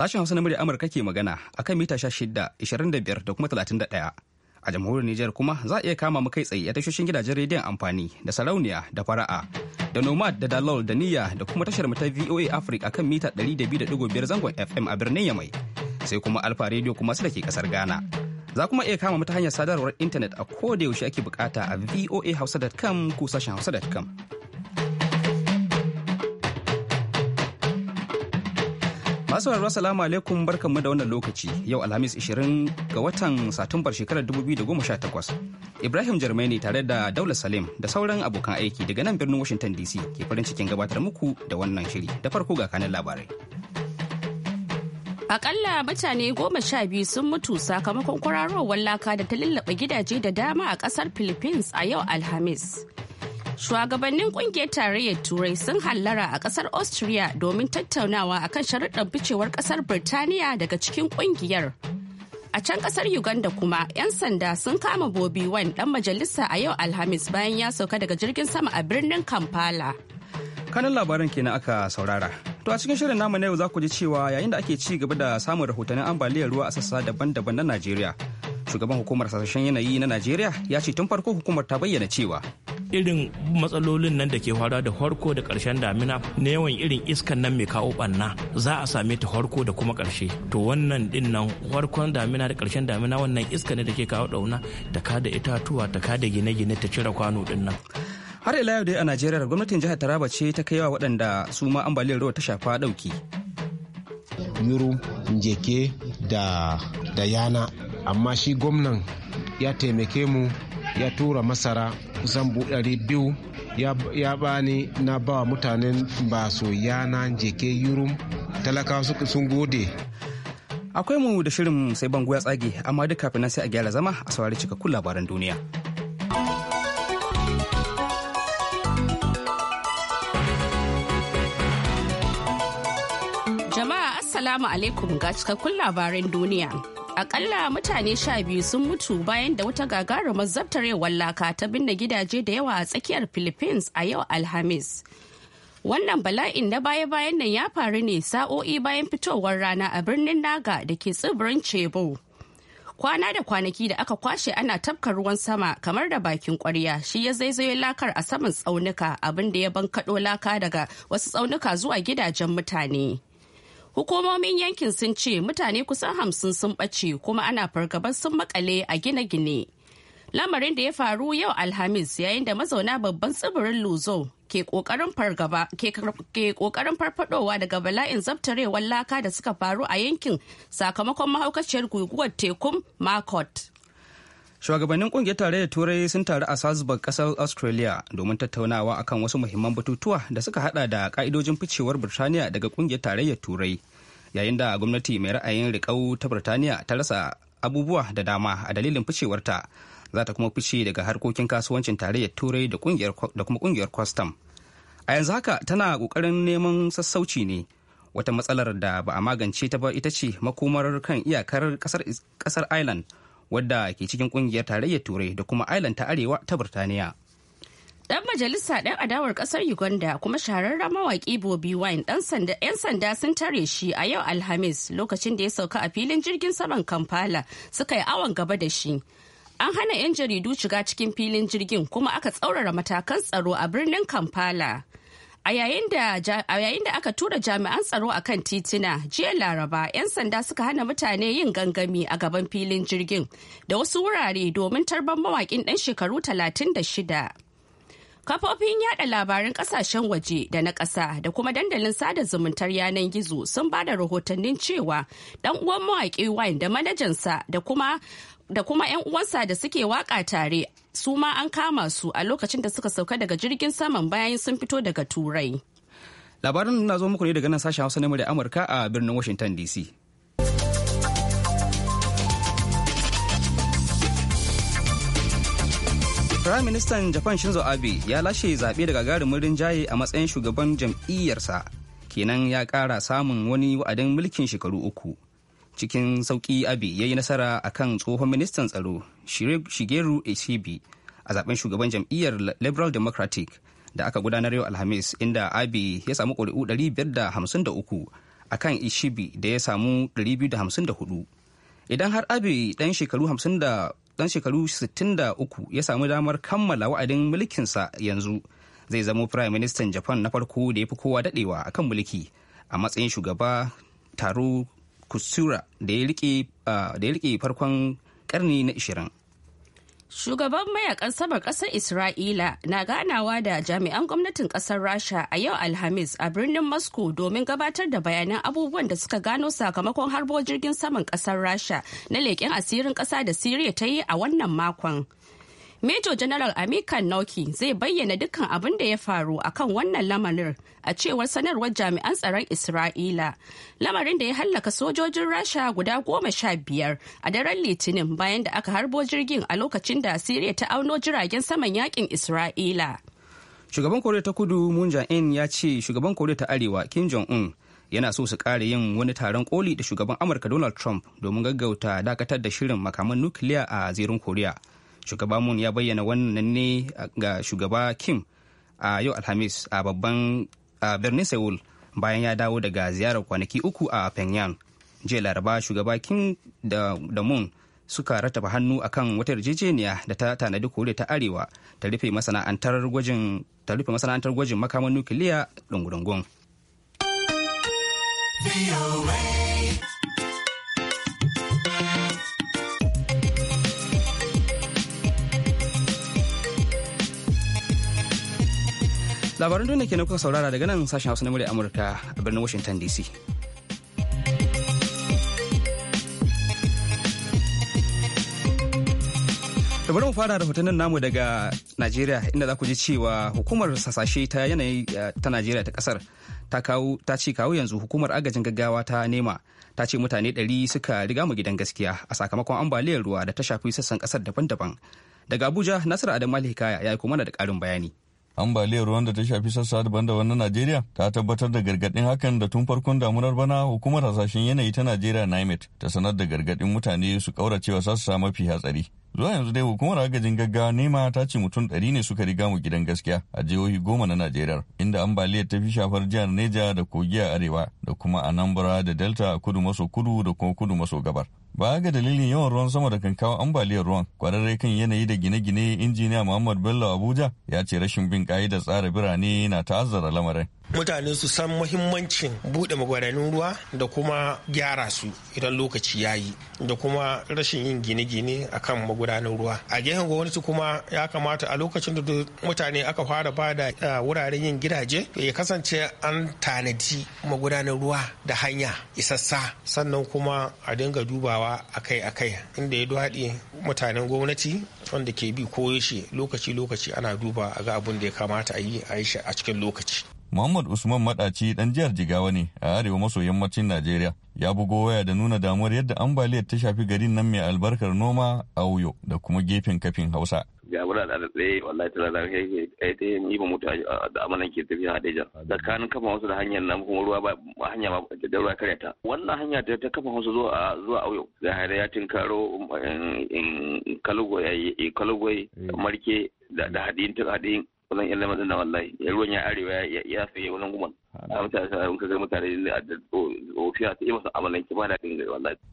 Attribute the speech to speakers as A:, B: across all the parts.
A: Sashen Hausa na murya Amurka ke magana a kan mita 16.25 da kuma 31. A jamhuriyar Nijar kuma za a iya kama mu kai tsaye a tashoshin gidajen rediyon amfani da sarauniya da fara'a da nomad da dalol da niyya da kuma tashar mu ta VOA Africa kan mita 200.5 zangon FM a birnin Yamai. Sai kuma Alfa Radio kuma su da ke kasar Ghana. Za kuma iya kama mu ta hanyar sadarwar intanet a ko da yaushe ake bukata a voahausa.com ko sashen hausa.com. Masu sauraro salamu alaikum barkanmu da wannan lokaci yau Alhamis 20 ga watan Satumbar shekarar 2018. Ibrahim Jarmai ne tare da Daula Salim da sauran abokan aiki daga nan birnin Washington DC ke farin cikin gabatar muku da wannan shiri da farko ga kanan labarai.
B: Akalla mutane goma sha biyu sun mutu sakamakon kwararowar laka da ta lallaba gidaje da dama a kasar Philippines a yau Alhamis. Shugabannin kungiyar tarayyar Turai sun hallara a kasar Austria domin tattaunawa akan sharuɗar ficewar kasar Birtaniya daga cikin kungiyar. A can kasar Uganda kuma 'yan sanda sun kama Bobi wan dan majalisa a yau Alhamis bayan ya sauka daga jirgin sama a birnin Kampala.
A: Kanan labaran kenan aka saurara. To a cikin shirin namu na yau za ku ji cewa yayin da ake ci gaba da samun rahotannin ambaliyar ruwa a sassa daban-daban na Najeriya. Shugaban hukumar sasashen yanayi na Najeriya ya ce tun farko hukumar
C: ta bayyana cewa irin matsalolin nan da ke faruwa da harko da ƙarshen damina na yawan irin iskan nan mai kawo ɓanna za a same ta harko da kuma ƙarshe to wannan din nan harkon damina da ƙarshen damina wannan iska ne da ke kawo ɗauna ta kada itatuwa ta kada gine-gine ta cire kwano din nan
A: har ila yau dai a najeriya gwamnatin jihar taraba ce ta kaiwa waɗanda su ma ambaliyar ruwa ta shafa ɗauki
C: yuru jeke da da yana amma shi gwamnan ya taimake mu ya tura masara buɗari biyu ya bani na ba mutanen baso yana jeke yurum talaka sun gode akwai mu da
A: shirin sai bango ya tsage amma duk kafin sai a gyara zama a saurari cikakkun labaran duniya
B: jama'a assalamu alaikum ga cikakkun labaran duniya akalla mutane sha biyu sun mutu bayan da wata gagarumar zabtarewar laka ta binne gidaje da yawa a tsakiyar philippines a yau alhamis wannan bala'in na baya-bayan nan ya faru ne sa'o'i bayan fitowar rana a birnin naga da ke tsibirin cebo kwana da kwanaki da aka kwashe ana tafka ruwan sama kamar da bakin kwarya shi ya zaizayo lakar a saman tsaunuka abinda da ya bankaɗo laka daga wasu tsaunuka zuwa gidajen mutane Hukumomin yankin sun ce mutane kusan hamsin sun ɓace kuma ana fargabar sun makale a gine-gine. Lamarin da ya faru yau Alhamis yayin da mazauna babban tsibirin Luzo ke ƙoƙarin farfadowa daga bala'in zabtarewar laka da suka faru a yankin sakamakon mahaukaciyar guguwar tekun makot.
A: shugabannin kungiyar tarayyar turai sun taru a salzburg kasar australia domin tattaunawa akan wasu muhimman batutuwa da suka hada da ka'idojin ficewar birtaniya daga kungiyar tarayyar turai yayin da gwamnati mai ra'ayin rikau ta birtaniya ta rasa abubuwa da dama a dalilin ficewarta za ta kuma fice daga harkokin kasuwancin tarayyar turai da kuma kungiyar kwastam a yanzu haka tana kokarin neman sassauci ne wata matsalar da ba a magance ta ba ita ce makomar kan iyakar kasar ireland wadda ke cikin kungiyar tarayyar turai da kuma island ta arewa ta birtaniya
B: dan majalisa ɗan adawar ƙasar uganda kuma shahararren mawaki bobi wine sanda 'yan sanda sun tare shi a yau alhamis lokacin da ya sauka a filin jirgin saman kampala suka yi awon gaba da shi an hana 'yan jaridu shiga cikin filin jirgin kuma aka tsaurara matakan tsaro a birnin kampala A yayin da aka tura jami'an tsaro a kan titina jiya Laraba 'yan sanda suka hana mutane yin gangami a gaban filin jirgin da wasu wurare domin tarban mawaƙin ɗan shekaru 36. Kafofin yada labaran kasashen waje da na ƙasa da kuma dandalin sada zumuntar yanar gizo sun ba da rahotannin cewa ɗan uwan mawaƙi wine da manajansa da kuma da kuma 'yan uwansa da suke waka tare su ma an kama su a lokacin da suka sauka daga jirgin saman bayan sun fito daga turai
A: labarin na zo muku ne daga nan sashen hausa na murya amurka a birnin washington dc Prime Minister Japan Shinzo Abe ya lashe zaɓe da gagarumin jaye a matsayin shugaban jam'iyyarsa kenan ya ƙara samun wani wa'adin mulkin shekaru uku. cikin sauki abi ya yi nasara a kan tsohon ministan tsaro shigeru ishibi a zaben shugaban jam'iyyar liberal democratic da aka gudanar yau alhamis inda abi ya samu ƙuri'u 553 a kan ishibi da ya samu 254 idan har abi ɗan shekaru 63 ya samu damar kammala wa'adin mulkinsa yanzu zai zamo prime ministan japan na farko da ya fi kowa daɗewa kan mulki a matsayin shugaba taro kusura ah, da ya rike farkon karni na 20
B: Shugaban mayakan saman ƙasar Isra'ila na ganawa da jami'an gwamnatin ƙasar Rasha a yau Alhamis a birnin Moscow domin gabatar da bayanan abubuwan da suka gano sakamakon harbo jirgin saman ƙasar Rasha na leƙen asirin ƙasa da Siriya ta yi a wannan makon. Major General Amikan Nauki zai bayyana dukkan abin da ya faru akan wannan lamarin a cewar sanarwar jami'an tsaron Isra'ila. Lamarin da ya hallaka sojojin Rasha guda goma sha biyar a daren Litinin bayan da aka harbo jirgin a lokacin da Siriya ta auno jiragen saman yakin Isra'ila.
A: Shugaban Koriya ta Kudu Moon in ya ce shugaban Koriya ta Arewa Kim Jong-un yana so su kare yin wani taron koli da shugaban Amurka Donald Trump domin gaggauta dakatar da shirin makaman nukiliya a zirin Koriya. shugaba moon ya bayyana wannan ne ga shugaba kim a yau alhamis a babban birnin seoul bayan ya dawo daga ziyarar kwanaki uku a Pyongyang. Jiya Laraba shugaba Kim da, mun Moon suka rattaba hannu akan wata yarjejeniya da ta tanadi kore ta Arewa ta rufe masana'antar gwajin makaman nukiliya dungudungun. labaran duniya na kuka saurara daga nan sashen hausa na murya amurka a birnin washington dc da bari mu fara da hotunan namu daga najeriya inda za ku ji cewa hukumar sasashe ta yanayi eh, ta najeriya ta kasar ta ce kawo yanzu hukumar agajin gaggawa ta nema ta ce mutane 100 suka riga mu gidan gaskiya a sakamakon ambaliyar ruwa da ta shafi sassan kasar daban-daban daga abuja nasiru adam
D: hikaya ya yi kuma da karin bayani ambaliyar ruwan da ta shafi sassa daban-daban na Najeriya ta tabbatar da gargaɗin hakan da tun farkon damunar bana hukumar hasashen yanayi ta Najeriya NIMET ta sanar da gargaɗin mutane su ƙauracewa sassa mafi hatsari. Zuwa yanzu dai hukumar agajin gaggawa nema ta ce mutum ɗari ne suka riga mu gidan gaskiya a jihohi goma na Najeriya inda ambaliyar ta fi shafar jihar Neja da Kogi a arewa da kuma Anambra da Delta a kudu maso kudu da kuma kudu maso gabar. Baya ga dalilin yawan ruwan sama da kan kawo ambaliyar ruwan, kwararre kan yanayi da gine-gine injiniya Muhammad Bello Abuja ya ce rashin bin ka'idar tsara birane na ta'azzara lamarin. mutane su san
C: muhimmancin bude magudanin ruwa da kuma gyara su idan lokaci ya yi da kuma rashin yin gine-gine a kan magudanin ruwa a gefen gwamnati kuma ya kamata a lokacin da mutane aka fara bada eh, wuraren yin gidaje ya kasance an tanadi magudanin ruwa da hanya isassa sannan kuma a dinga dubawa akai-akai inda ya daɗe mutanen gwamnati wanda ke bi ko yaushe lokaci-lokaci ana duba a ga abin da ya kamata a yi a shi a cikin lokaci
D: Muhammad Usman Madaci dan jihar Jigawa ne a arewa maso yammacin Najeriya. Ya bugo waya da nuna damuwar yadda ambaliyar ta shafi garin nan mai albarkar noma a Uyo da kuma gefen kafin Hausa. bura da tsaye
E: wallahi tana da kai kai ta yi ba mutu da amanan ke tafi a Dejar da kan kafa wasu da hanyar
A: nan kuma ruwa ba hanya ba da ruwa kare ta wannan hanya ta ta kafa wasu zuwa zuwa Uyo. da haira ya tinkaro in um, um, um, Kalugoi eh, kalugo eh. Marke da hadin hadin wannan yan lemon din wallahi ruwan ya arewa ya fiye wannan gumon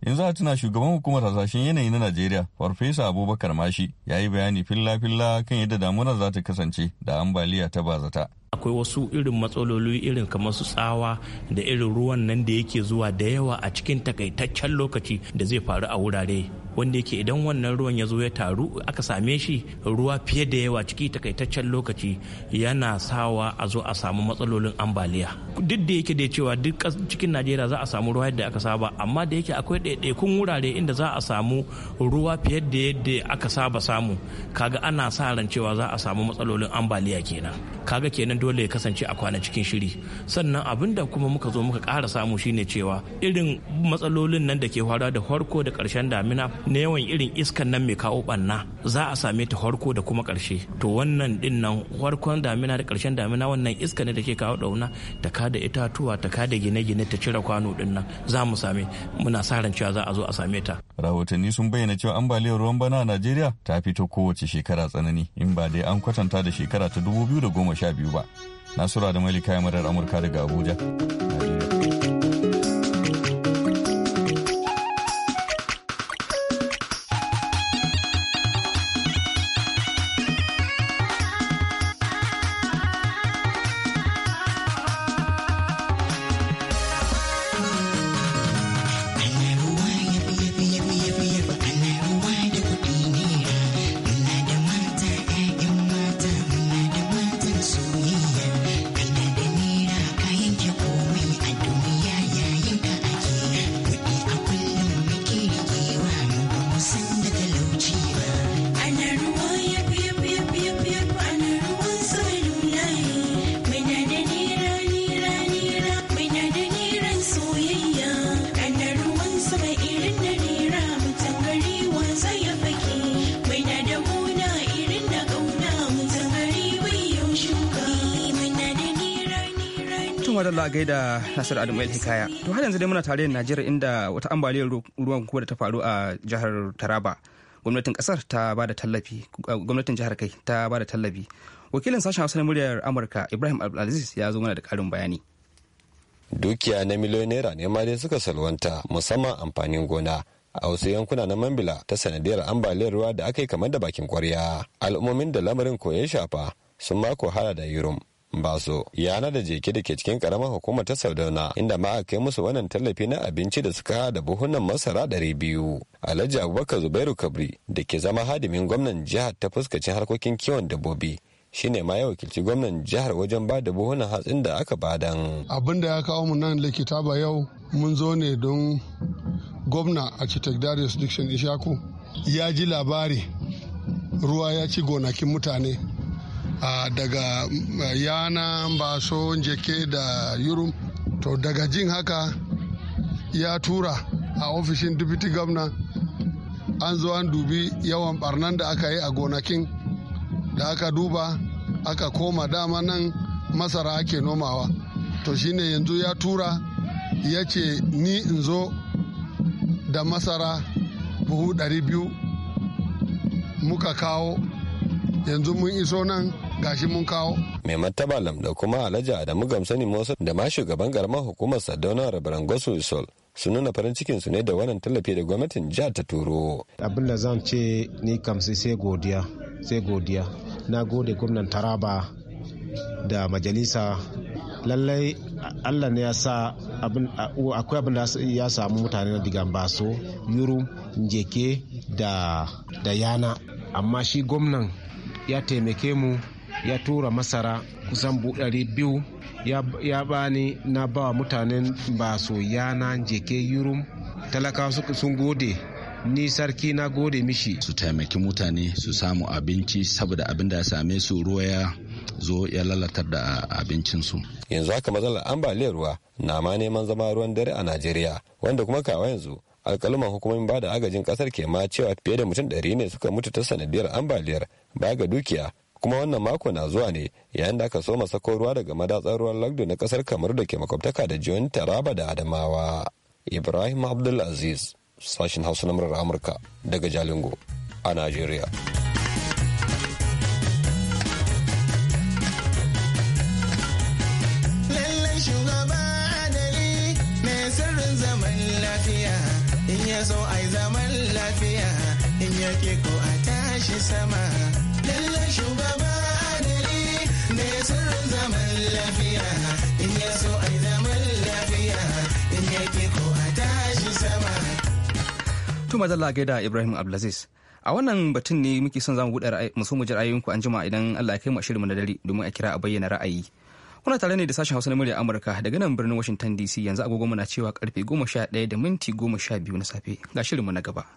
D: yanzu a tuna shugaban hukumar hasashen yanayi na Najeriya farfesa Abubakar Mashi ya yi bayani filla filla kan yadda damuna za ta kasance da ambaliya ta bazata
C: akwai wasu irin matsaloli irin kamar su tsawa da irin ruwan nan da yake zuwa da yawa a cikin takaitaccen lokaci da zai faru a wurare wanda yake idan wannan ruwan ya zo ya taru aka same shi ruwa fiye da yawa ciki takaitaccen lokaci yana sawa a zo a samu matsalolin ambaliya najeriya duk da yake da cewa duk cikin najeriya za a samu ruwa yadda aka saba amma da yake akwai ɗaiɗaikun wurare inda za a samu ruwa fiye da yadda aka saba samu kaga ana sa ran cewa za a samu matsalolin ambaliya kenan kaga kenan dole ya kasance a kwana cikin shiri sannan abin da kuma muka zo muka kara samu shine cewa irin matsalolin nan da ke faruwa da farko da ƙarshen damina na yawan irin iskan nan mai kawo ɓanna za a same ta farko da kuma ƙarshe to wannan dinnan nan farkon damina da ƙarshen damina wannan iska ne da ke kawo ɗauna ta kada itatuwa ta kada gine-gine ta cire kwano din nan za mu same muna sa ran cewa za a zo a same ta
D: rahotanni sun bayyana cewa ambaliyar ruwan bana a Najeriya ta fito kowace shekara tsanani in ba dai an kwatanta da shekara ta 2012 ba Nasura da Malika marar Amurka daga Abuja.
A: a gaida Nasiru Adamu El Hikaya. To har yanzu dai muna tare da Najeriya inda wata ambaliyar ruwan kuma da ta faru a jihar Taraba. Gwamnatin kasar ta ba da tallafi, eh, gwamnatin jihar kai ta ba da tallafi. Wakilin sashen Hausa na muryar Amurka Ibrahim Abdulaziz ya zo mana da karin bayani.
E: Dukiya na miliyoyin naira ne ma dai suka salwanta musamman amfanin gona. a wasu yankuna na mambila ta sanadiyar ambaliyar ruwa da aka yi kamar da bakin kwarya al'ummomin da lamarin ko ya shafa sun mako hala da yurum baso yana da jeke da ke cikin karamar hukumar ta sardauna inda ma a kai musu wannan tallafi na abinci da suka da buhunan masara ɗari biyu alhaji abubakar zubairu kabri da ke zama hadimin gwamnan jihar ta fuskacin harkokin kiwon dabbobi shine ma ya wakilci gwamnan jihar wajen ba da buhunan hatsin da aka badan
C: abin da ya kawo mu nan likita ba yau mun zo ne don gwamna architect darius diction ishaku ya ji labari ruwa ya ci gonakin mutane Ah, daga eh, yana baso jeke da yurum to daga jin haka ya tura a ofishin deputy governor an zo an dubi yawan barnan da aka yi a gonakin da aka duba aka koma dama nan masara ake nomawa to shine yanzu ya tura ya ce ni in zo da masara buhu 200 muka kawo yanzu mun iso nan gashi mun kawo.
E: Mai martaba lamda kuma alhaji Adamu Gamsani Musa da ma shugaban garman hukumar sadaunar Rabaran Isol su nuna farin cikin su ne da wannan tallafi da gwamnatin jihar
C: ta turo. Abin da zan ce ni kamsi sai godiya sai godiya na gode gwamnan Taraba da majalisa lallai Allah ne ya sa akwai abin da ya samu mutane na digan baso yurum jeke da yana amma shi gwamnan ya taimake mu ya tura masara kusan buɗari biyu ya bani na ba mutanen baso yana jeke yurum talakawa sun gode ni sarki na gode mishi su taimaki mutane su samu abinci saboda abin da ya same su ruwa ya zo ya lalatar da abincinsu
E: yanzu haka matsalar ambaliyar ruwa na ma neman zama ruwan dare a najeriya wanda kuma kawa yanzu alkaluman hukumomin ba da agajin kasar ke ma cewa fiye da mutum ɗari ne suka mutu ta sanadiyar ambaliyar ba ga dukiya kuma wannan mako na zuwa ne yayin da aka soma sako ruwa daga madatsar ruwan lagdo na kasar kamar da ke makwabtaka da jiyon taraba da adamawa ibrahim abdulaziz sashen hausa na murar amurka daga jalingo a najeriya
F: In ya so ai zaman lafiya in yake ko a tashi sama Tuma
A: zalla gaida Ibrahim Abdulaziz. A wannan batun ne muke son zamu buɗe musu mu ji ra'ayoyinku an jima idan Allah ya kai mu shirinmu na dare domin a kira a bayyana ra'ayi. Kuna tare ne da sashen Hausa na murya Amurka daga nan birnin Washington DC yanzu agogo muna cewa karfe 11 da minti 12 na safe ga mu na gaba.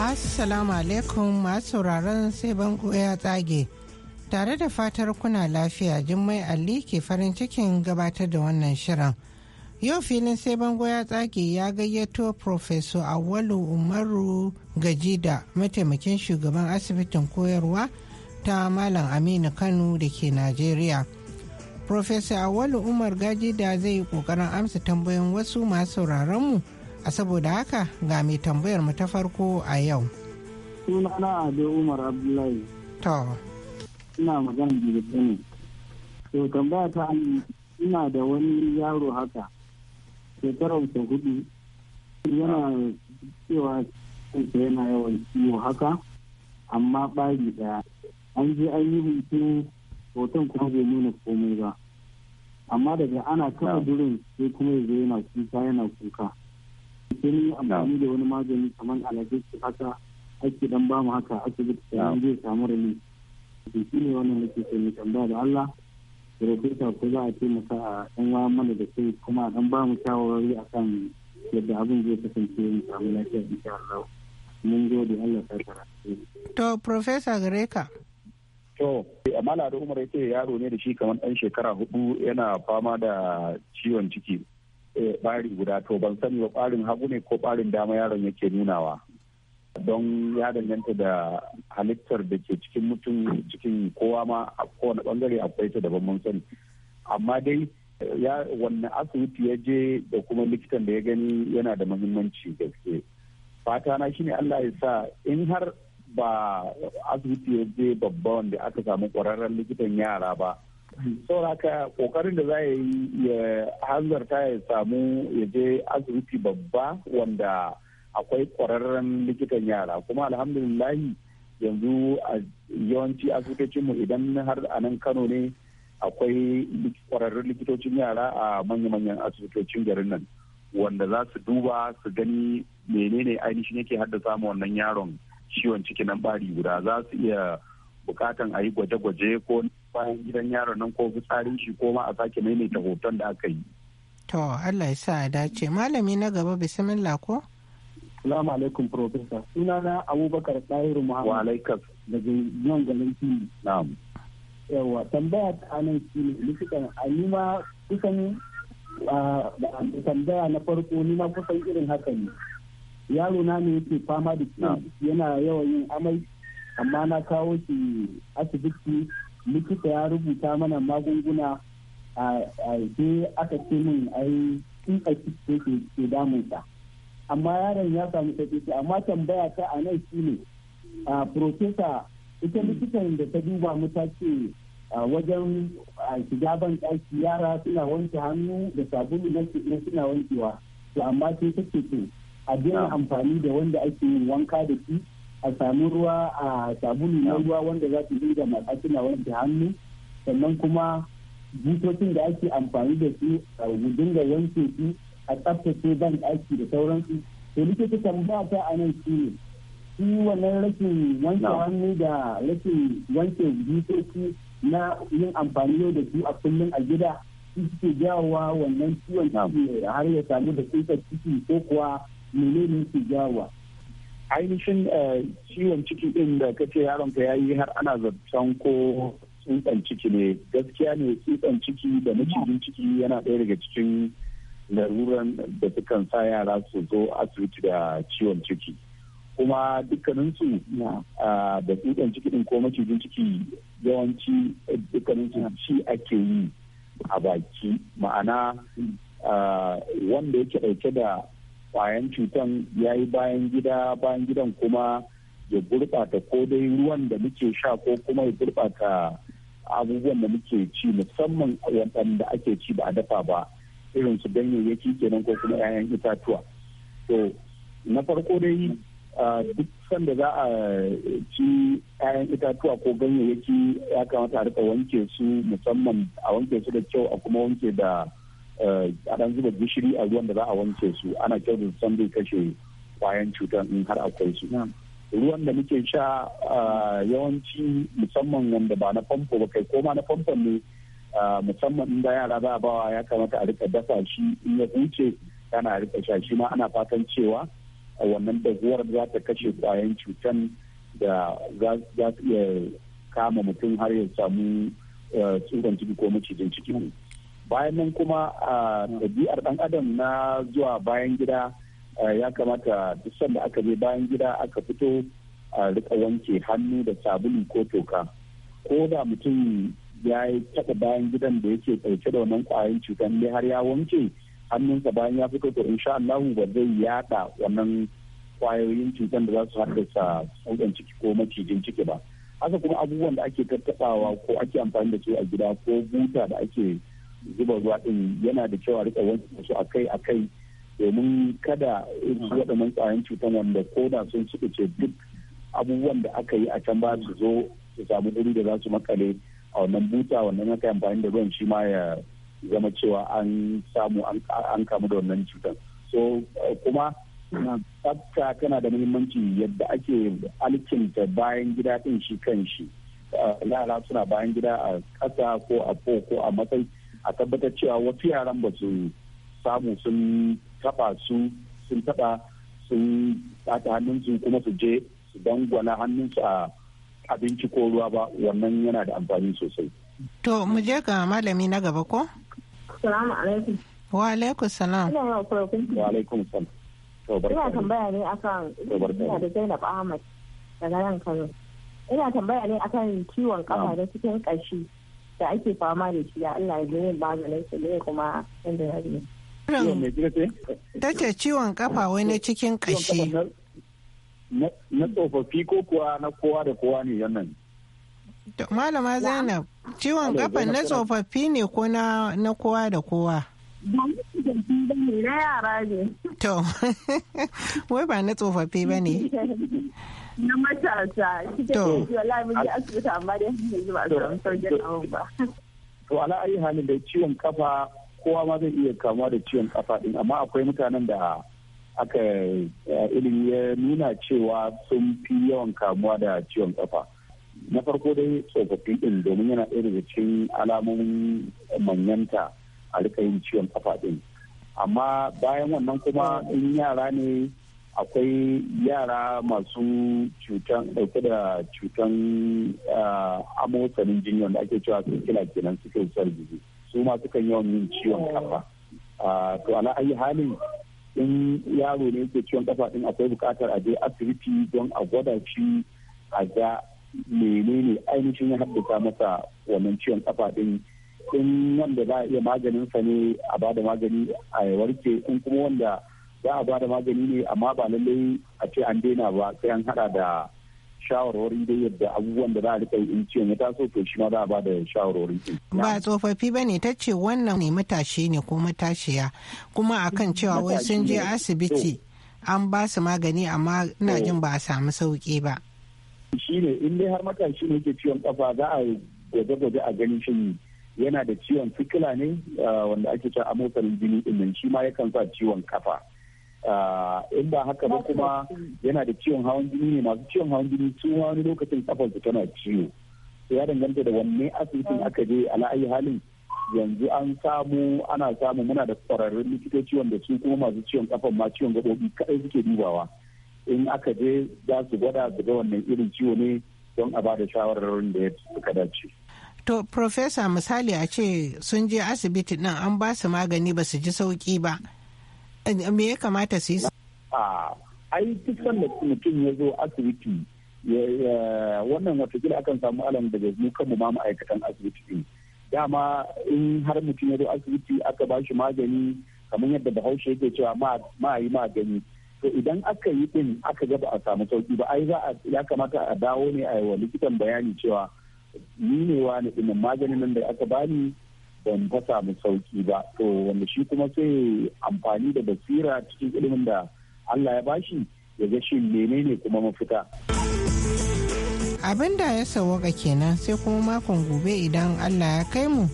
F: Assalamu alaikum masu sauraron sai bango ya tsage. Tare da fatar kuna lafiya Jummai Ali ke farin cikin gabatar da wannan shirin. Yau filin sai bango ya tsage ya gayyato Professor Awalu Umaru Gajida mataimakin shugaban asibitin koyarwa ta Malam Aminu Kano da ke Najeriya. Professor Awalu Umar Gajida zai yi ƙoƙarin amsa tambayoyin wasu masu sauraronmu mu a saboda haka ga mai tambayar mu ta farko a yau
G: sunana ado umar abdullahi to ina magana da ne to tambaya ta ina da wani yaro haka shekararsa hudu yana cewa kansa yana yawan ciwo haka amma bari ɗaya an je an yi hutu hoton kuma bai nuna komai ba amma daga ana kawo durin sai kuma yanzu yana kuka yana kuka sai yi amfani da wani magani kamar alaji haka ake dan ba mu haka asibiti sai zai samu rani to shi ne wannan nake so mu tambaya da Allah profesa ko za a taimaka a dan wa mana da kai kuma dan ba mu shawarwari akan yadda abin zai kasance mu samu lafiya insha Allah mun gode Allah ta tara
F: to profesa gareka.
G: To, amana da Umar ya ce yaro ne da shi kamar ɗan shekara hudu yana fama da ciwon ciki. Eh, ɓari guda to ban sani ba ɓarin hagu ne ko ɓarin dama yaron yake nunawa don ya danganta da halittar da ke cikin mutum cikin kowa ma a kowane bangare akwai ta daban mun sani amma dai eh, ya wanne asibiti ya je da kuma likitan da ya gani yana da muhimmanci gaske fata na shine Allah ya sa in har ba asibiti ya je babba wanda aka samu kwararren likitan yara ba haka kokarin da za ya yi ya hanzarta ya samu ya je asibiti babba wanda akwai kwararren likitan yara kuma alhamdulillahi yanzu a yawanci asibitocinmu idan har a nan kano ne akwai kwararrun likitocin yara a manya-manyan asibitocin garin nan wanda za su duba su gani menene ainihin yake haddasa mu wannan yaron ciwon ciki nan bari guda za su iya bukatan a yi gwaje-gwaje ko bayan gidan yaron nan ko fitsarin shi ko ma a sake maimaita hoton da aka yi.
F: To Allah ya sa dace malami na gaba bismillah ko?
G: Salamu alaikum Profesa. Suna na Abubakar Tsahiru Muhammad. Wa alaikas. Daga nan garin Kini. Na'am. Yawwa tambaya ta nan ne likitan anima kusan tambaya na farko ni ma kusan irin haka ne. Yaro na ne yake fama da ciwon yana yawan yin amai amma na kawo shi asibiti likita ya rubuta mana magunguna a sai aka ce min ai in a ke ke damunsa amma yaron ya samu sauƙi amma tambaya ta a nan shi ne a profesa ita likitan da ta duba mu ta ce wajen shiga ban ɗaki yara suna wanke hannu da sabulu na suna wankewa to amma sai ta ce to a amfani da wanda ake yin wanka da shi a samu ruwa a sabulu na ruwa wanda za su dinga matsa wanke hannu sannan kuma butocin da ake amfani da su a dinga wanke su a tsaftace ban aiki da sauransu to likita tambaya ta a nan shi ne shi wannan rashin wanke hannu da rashin wanke butoci na yin amfani yau da su a kullum a gida su suke jawowa wannan ciwon ciki har ya samu da tsutsar ciki ko kuwa menene su jawowa ainihin eh, ciwon ciki din da kace yaron ka yayi har ana zaton ko tsutsan ciki ne gaskiya ne tsutsan ciki da macijin ciki yana ɗaya daga cikin laruran da sukan sa yara su zo asibiti da ciwon ciki kuma dukkaninsu da tsutsan ciki din ko macijin ciki yawanci dukkaninsu ci ake yi a baki ma'ana wanda yake ɗauke da kwayan cutan ya yi bayan gida bayan gidan kuma ya gurɓata ko dai ruwan da muke sha ko kuma ya gurɓata abubuwan da muke ci musamman waɗanda ake ci ba a dafa ba irin su ganyayyaki kenan ko kuma 'ya'yan itatuwa to na farko dai duk sanda za a ci 'ya'yan itatuwa ko ganyayyaki ya kamata a rika wanke su musamman a wanke su da kyau a kuma wanke da a dan zuba gishiri a ruwan da za a wanke su ana kyau da zai kashe kwayan cutar in har akwai su ruwan da muke sha yawanci musamman wanda ba na famfo ba kai koma na famfo ne musamman in da yara za a bawa ya kamata a rika dafa shi in ya huce yana rika sha shi ma ana fatan cewa wannan daguwar za ta kashe kwayan cutan da za su iya kama mutum har ya samu tsuron ciki ko macijin ciki bayan nan kuma a ɗabi'ar ɗan adam na zuwa bayan gida ya kamata duk sanda aka je bayan gida aka fito a rika wanke hannu da sabulu ko toka ko da mutum ya yi taɓa bayan gidan da yake ɗauke da wannan ƙwayan cutar ne har ya wanke hannunsa bayan ya fito to insha allahu ba zai yaɗa wannan ƙwayoyin cutar da za su haddasa sauƙin ciki ko macijin ciki ba haka kuma abubuwan da ake tattaɓawa ko ake amfani da su a gida ko buta da ake zuba ruwa din yana da cewa rika wanke su akai akai domin kada irin mm. waɗannan kwayan cutan wanda ko da sun ce duk abubuwan da aka yi a can ba su zo su samu wuri da za su makale a wannan buta wannan aka amfani da ruwan shi ma ya zama cewa an samu an kamu da wannan cutan so eh, kuma mm. tsafta tana da muhimmanci yadda ake alkinta bayan gida din shi kan shi eh, yara suna bayan gida a ƙasa ko a ko a matsayi a tabbatar cewa wasu yaran ba su samu sun taba su sun taba sun ɓata hannunsu kuma su je su hannun hannunsu a abinci ko ruwa ba wannan yana da amfani sosai.
F: To mu je ga malami na gaba ko?
G: Salamu alaikum.
F: Wa alaikum salam.
G: Ina yawa kurokun. Wa alaikum salam. Ina tambaya ne akan ina da Zainab Ahmad daga nan Kano. Ina tambaya ne akan ciwon kafa da cikin ƙashi. da ake fama da shi ya Allah ya yin maganin shi ne kuma inda ya yi. Ta ce ciwon kafa wai na cikin kashi. Na tsofaffi ko kuwa na kowa da kowa ne wannan.
F: Malama Zainab,
G: ciwon kafa na
F: tsofaffi ne ko na kowa da kowa? Na yara ne. To, wai ba na tsofaffi ba ne.
G: na a yi halin da ciwon kafa kowa ma zai iya kamuwa da ciwon kafa ɗin amma akwai mutanen da aka ilimi ya nuna cewa sun fi yawan kamuwa da ciwon kafa na farko dai tsofaffin din domin yana ɗaya da cikin alamomin manyanta a rika ciwon kafa ɗin amma bayan wannan kuma in yara ne akwai yara masu cutan dauke da cutan ah, amosanin jini wanda ake cewa sikila kenan suke wutar jiki su ma sukan yawan yin ciwon kafa ah, to ana ayi halin in yaro ne yake ciwon kafa din akwai bukatar a je asibiti don a gwada shi a ga menene ainihin ya haddasa masa wannan ciwon kafa din in wanda za a iya maganin sa ne a bada magani a warke in kuma wanda za a bada magani ne amma ba lallai a ce an daina ba sai an hada da shawarwarin da yadda abubuwan da za a rika in ciwon ya taso to shi ma za a ba da shawarwarin
F: ba tsofaffi ba ne ta ce wannan ne matashi ne ko matashiya kuma akan
G: cewa wai sun je asibiti
F: eh. an ba su magani amma ina eh. jin ba a samu sauki ba
G: shi ne in dai har matashi ne ke ciwon kafa za a gwaje-gwaje a ganin shi yana da ciwon sikila ne ah, wanda ake cewa amosarin jini din nan shi ma yakan sa ciwon kafa Ah, in ba haka ba kuma yana da ciwon hawan jini ne masu ciwon hawan jini su wani lokacin kafarsu tana ciwo ya danganta da wanne asibitin aka je a la'ayi halin yanzu an samu ana samu muna da kwararrun likitoci wanda su kuma masu ciwon kafan ma ciwon gaɓoɓi kaɗai suke dubawa in aka je za su gwada su ga wannan irin ciwo ne don a ba da shawararin da ya suka dace.
F: To, Profesa misali a ce sun je asibiti ɗin an ba su magani ba su ji sauƙi ba.
G: me ya kamata su yi a ai duk sanda mutum ya zo asibiti wannan watakila akan samu alam daga mu kanmu ma ma'aikatan asibiti dama in har mutum ya zo asibiti aka ba shi magani kamar yadda bahaushe yake cewa ma yi magani to idan aka yi din aka ga ba a samu sauki ba ai za a ya kamata a dawo ne a yi wa likitan bayani cewa ni ne wa ni maganin nan da aka bani ban ta samu sauki ba to wanda shi kuma sai amfani da basira cikin ilimin da Allah ya bashi ya ga shi menene kuma mafita
F: abin da ya sawaka kenan sai kuma makon gobe idan Allah ya kai mu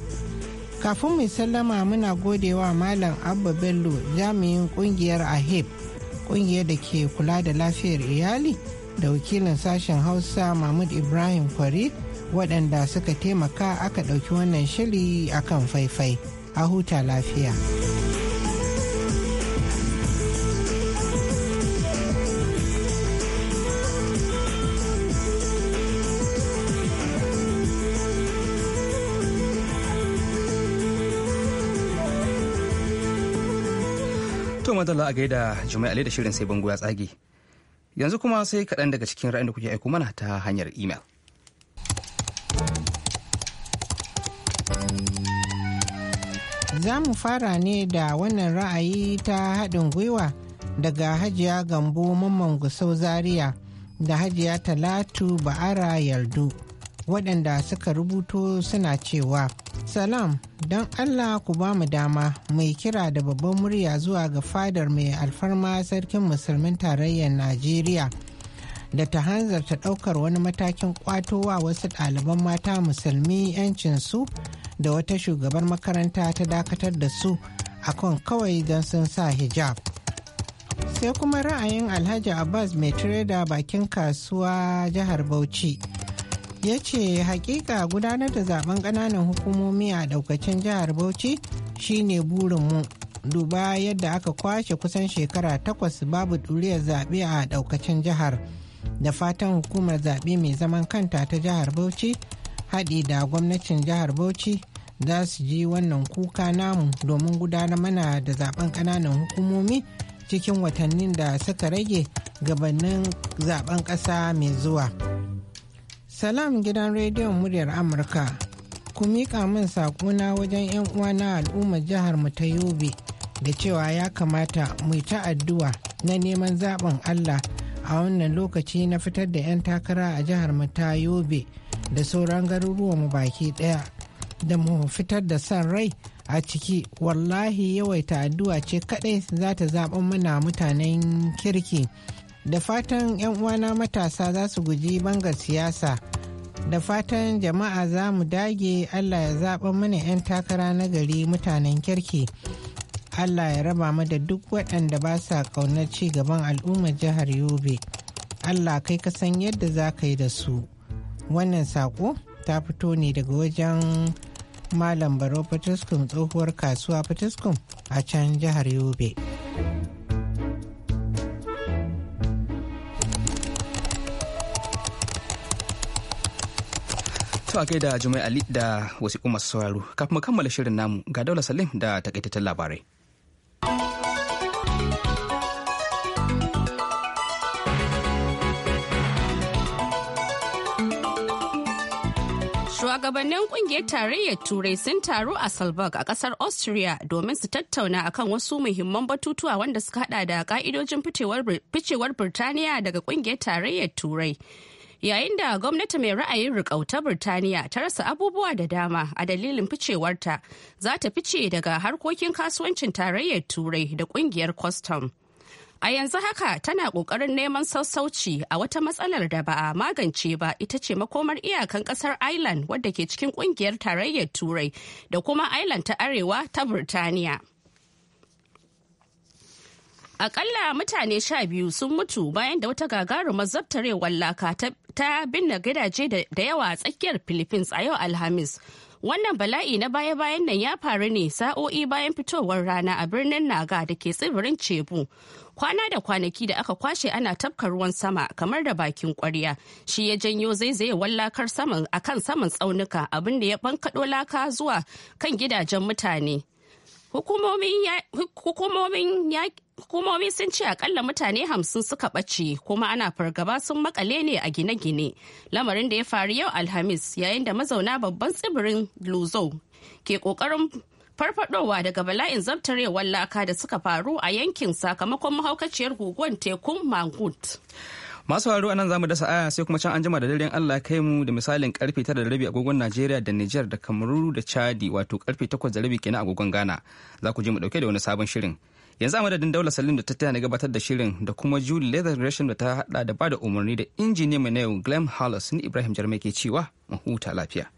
F: kafin mai sallama muna godewa malam abba bello jami'in kungiyar ahib e kungiyar da ke kula da lafiyar iyali da wakilin sashen hausa mahmud ibrahim farid waɗanda suka taimaka aka ɗauki wannan shiri akan faifai a huta lafiya.
A: To madalla a gaida Juma'a da shirin sai bango ya tsage. Yanzu kuma sai kaɗan daga cikin ra'ayin da kuke aiko mana ta hanyar imel.
F: za mu fara ne da wannan ra'ayi ta haɗin gwiwa daga hajiya gambo mamman gusau zaria da hajiya talatu ba'ara yardu waɗanda suka rubuto suna cewa salam don allah ku ba mu dama mai kira da babban murya zuwa ga fadar mai alfarma sarkin musulmin tarayyar najeriya da ta hanzarta ɗaukar wani matakin kwatowa wasu ɗaliban mata musulmi 'yancinsu da wata shugabar makaranta ta dakatar da su a kan kawai don sun sa hijab sai kuma ra'ayin alhaji abbas mai da bakin kasuwa jihar bauchi ya ce hakika gudanar da zaben ƙananan hukumomi a daukacin jihar bauchi shine burinmu duba yadda aka kwashe kusan shekara takwas babu duriyar zaɓe a ɗaukacin jihar da fatan hukumar zaɓe mai zaman kanta ta jihar bauchi haɗe da gwamnatin jihar bauchi za su ji wannan kuka namu domin gudanar mana da zaben ƙananan hukumomi cikin watannin da suka rage gabanin zaben ƙasa mai zuwa salam gidan rediyon muryar amurka ku miƙa min saƙona wajen 'yan na al'ummar jihar mu ta yobe da cewa ya kamata mu ta addu'a na neman zaben allah a wannan lokaci na fitar da 'yan takara a jihar mu ta yobe da sauran garuruwan baki daya da mu fitar da san rai a ciki wallahi yawaita addu'a ce kadai za ta zaɓin mana mutanen kirki da fatan 'yan uwana matasa za su guji bangar siyasa da fatan jama'a za mu dage allah ya zaɓa mana 'yan takara na gari mutanen kirki allah ya raba mu da duk waɗanda ba sa ƙaunar ci gaban al'ummar jihar yobe allah kai ka san yadda za ka yi da su wannan sako ta fito ne daga wajen malam baro fataskum tsohuwar kasuwa fataskum a can jihar yobe
A: to a kai da jumai ali da wasu umar sauraro kafin mu kammala shirin namu ga daular salim da takaitattun labarai
B: Shugabannin kungiyar tarayyar Turai sun taru a Salzburg a kasar Austria domin su tattauna akan wasu muhimman batutuwa wanda suka hada da ka'idojin ficewar Birtaniya daga kungiyar tarayyar Turai. Yayin da gwamnati mai ra'ayin rikauta Birtaniya ta rasa abubuwa da dama a dalilin ficewarta za ta fice daga harkokin kasuwancin tarayyar Turai da kungiyar Custom. A yanzu haka tana ƙoƙarin neman sassauci a wata matsalar da ba a magance ba ita ce makomar iyakan ƙasar Ireland wadda ke cikin ƙungiyar tarayyar Turai da kuma Ireland ta Arewa ta Burtaniya. Akalla mutane sha biyu sun mutu bayan da wata gagarumar zabtarewar laka ta binne gidaje da yawa a tsakiyar Philippines a yau Alhamis. Wannan bala'i na baya-bayan nan ya faru ne sa'o'i bayan fitowar rana a birnin Naga da ke tsibirin Cebu. Kwana da kwanaki da aka kwashe ana tafka ruwan sama kamar da bakin kwarya shi ya janyo zaizayewar lakar saman kan saman tsaunuka abin da ya bankaɗo laka zuwa kan gidajen mutane. Hukumomin hukumomi sun ce akalla mutane hamsin suka ɓace kuma ana fargaba sun makale ne a gine-gine lamarin da ya faru yau alhamis yayin da mazauna babban tsibirin luzo ke ƙoƙarin farfadowa daga bala'in zabtarewar laka da suka faru a yankin sakamakon mahaukaciyar guguwan tekun mangut
A: masu haro anan zamu dasa aya sai kuma can an jima da daren Allah kai mu da misalin karfe tara da rabi agogon Najeriya da Niger da Kamaru da Chadi wato karfe takwas da rabi kenan agogon Ghana za ku je mu dauke da wani sabon shirin yanzu a madadin daular salim da ta tana gabatar da shirin da kuma julie leather gresham da ta hada da bada umarni da injiniya mai na yau glenn ni ibrahim jarmai ke cewa mahuta lafiya